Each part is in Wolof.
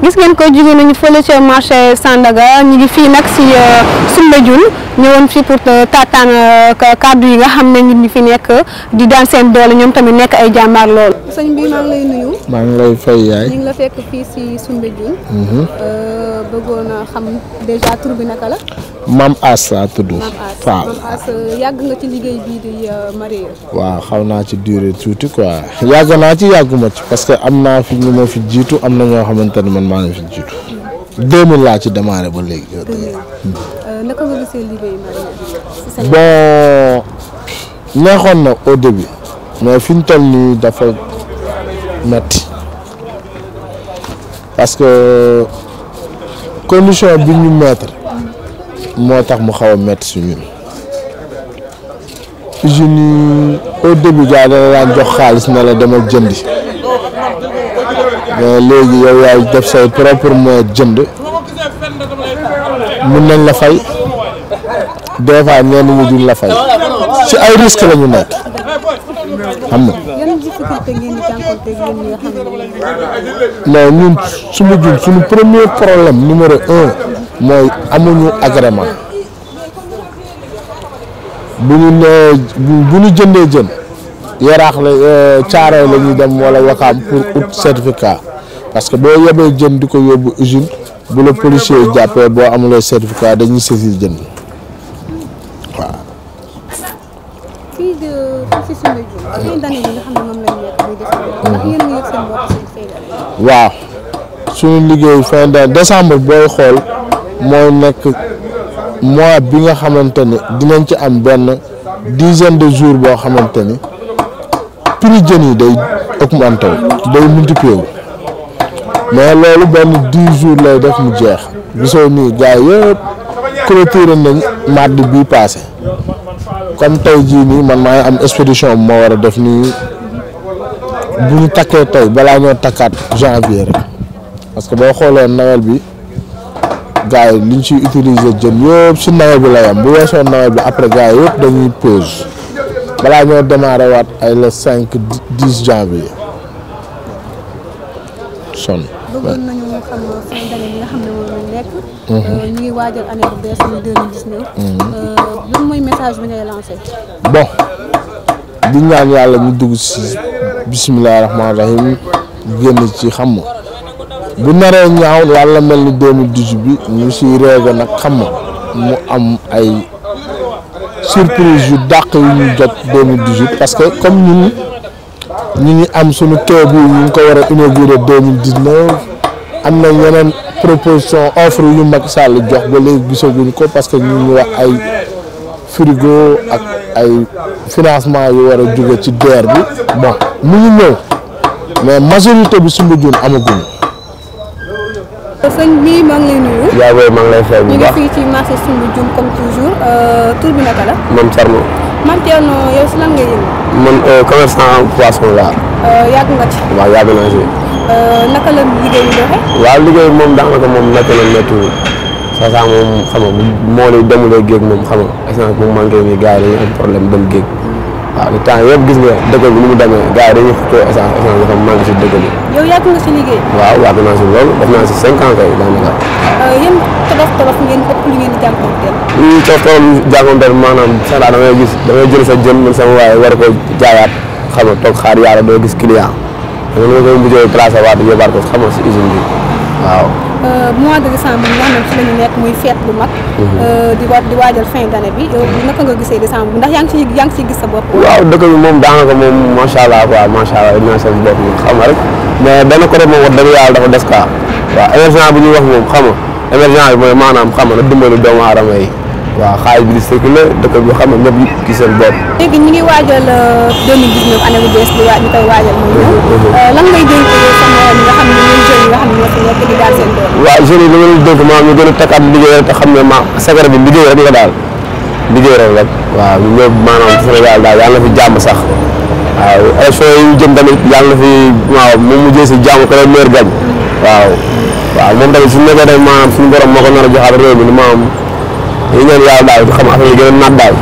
gis ngeen ko jóge nañu fële ca marché Sandaga ñu ngi fii nag si euh, Soumbédioune ñëwoon fii pour euh, taataan euh, kàddu yi nga xam ne nit ñi fi nekk di daan seen doole ñoom tamit nekk ay jàmbaar lool. sëñ bi maa ngi lay nuyu. maa ngi lay fay yaay. ñu la fekk fii si Soumbédioune. Mhm. Euh, bëggoon xam déjà tur naka la. maam As laa tudd. Euh, yàgg nga ci liggéey bii di euh, Mareyeur. waaw xaw naa ci durée tuuti quoi yàgg naa ci yàgguma ci parce que am naa fi ñu ma fi jiitu am na ñoo xamante ne man maa ngi fi jiitu. 2000 mhm. laa ci démarré ba léegi. naka nga neexoon na au début. mais fi ñu toll nii dafa metti parce que condition bi ñu mettre moo tax mu xaw a metti su ñun usines yi au début dana daan jox xaalis na la demal jëndi mais léegi yow yaay def say propre jënd mun nañ la fay des fois ñenn ñi duñ la fay ci ay risque la nekk. xam mais ñun suñu jun suñu premier problème numéro un mooy amuñu agrément bu ñu nee bu ñu jëndee jën yaraax la euh, caaree la dem wala wakaam pour ut certificat parce que boo yebee jën di ko yóbbu usine bu la policier yi jàppee boo amulee certificat dañuy saisir jën waaw suñu liggéeyu find de décembre booy xool mooy nekk mois bi nga xamante ni dinañ ci am benn dizaine de jours boo xamante ni prix jën yi day augmenté day multiplié wu mais loolu benn dix jours lay def mu jeex gisoo nii gars yëpp clôture nañ mardi bii passé comme tey jii nii man maa ngi am expédition bu ma war a def nii bu ñu takkee tey balaa ñoo takkaat janvier rek parce que boo xoolee nawet bi gars yi li ñu utiliser jën yëpp si nawet bi la yam bu weesoo nawet bi après gars yi dañuy pause balaa ñoo démarré ay le cinq dix janvier sonn. Euh, mhm. ñu ngi mhm. euh, di ñaan yàlla ñu dugg si bisimilah rahmaani rahim génn ci xam ma bu naree ñaaw yàlla mel ni bi ñu siy réego nag xam ma mu am ay surprise yu dàq yu ñu jot 2018 parce que comme ñun ñu ngi am suñu kër bi ñu ngi ko war a am na ñeneen. proposition offre yu mag Sall jox ba léegi gisaguñ ko parce que ñu ngi wax ay frigo ak ay financement yu war a jóge ci DER bi bon mu ngi ñëw mais majorité bi sumba jun amaguñu. sëñ yaa booy maa lay fay euh, bi naka la. moom Thierno. man Thierno yow laa. Euh, euh, yàgg nga ci. waaw yàgg naa ci. Euh, naka la liggéey bi waaw liggéey moom daanaka moom naka la méttiwul saa saa moom xam nga moo lay demulee géej moom xam nga essence bu mu manqué nii gars yi dañuy am waaw le temps yëpp gis si dëkk bi. yow yàgg nga si liggéey. waaw yàgg naa si loolu def naa si cinq ans kay daanaka. Euh, yéen tabax tabax ngeen ëpp lu maanaam sax daal da gis da ngay jël sa jën man sama waaye war ko jaayaat xam nga toog xaar yàlla doo gis client dama ne koy mujjee placé waat yóbbaat ko xam si usine bi waaw. Euh, mois de décembre nga ci la muy fête bu mag. Mhm. Euh, di waajal fin d'année bi naka nga gisee décembre bi ndax yaa ngi ciy gis sa bopp. waaw dëkk moom daanaka moom macha allah quoi macha allah dinaa seen bopp xam nga rek mais benn côté moom wax dëgg yàlla dafa des quoi waaw émergent bi ñuy wax moom xam nga émergent bi mooy maanaam xam nga dimbali doomu yi. waaw xaalis bi di circulé dëkk bi xam ne ñëpp ci seen bopp. Euh, ñu koy waajal muy ñëw. Euh, nga xam ne ñoom yi nga xam ne ñoo fi gën a takkaat liggéey rek xam ne bi liggéey rek la daal liggéey rek rek waaw ñoom maanaam Sénégal daal yàlla na fi jàmm sax waaw élection yi jëm tamit yàlla na fi waaw moom mu jël si jàmm ko la meer gañ waaw waaw moom tamit suñu nekkee tamit maanaam suñu borom moo ko nar a joxaat réew mi maanaam ñu ñaan yàlla daal xam affaire yi gën a naat daal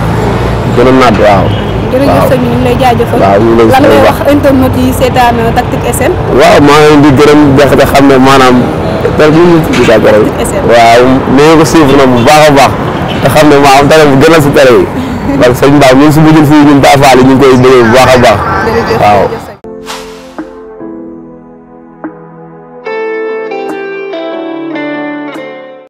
gën a naat waaw. jërëjëf sëñ bi ñu ngi lay jaajëfal. waaw ñu ngi lay lan ngay waaw maa ngi leen di gërëm dex de xam ne maanaam dara fi ñu tudd daa gërëm. waaw nee ko suivre na bu baax a baax te xam ne maanaam tere bi gënal si tere yi. parce que sëñ Ba ñun suñu bëggee fii ñun Baay Faal yi ñu koy bëggee bu baax a baax. waaw.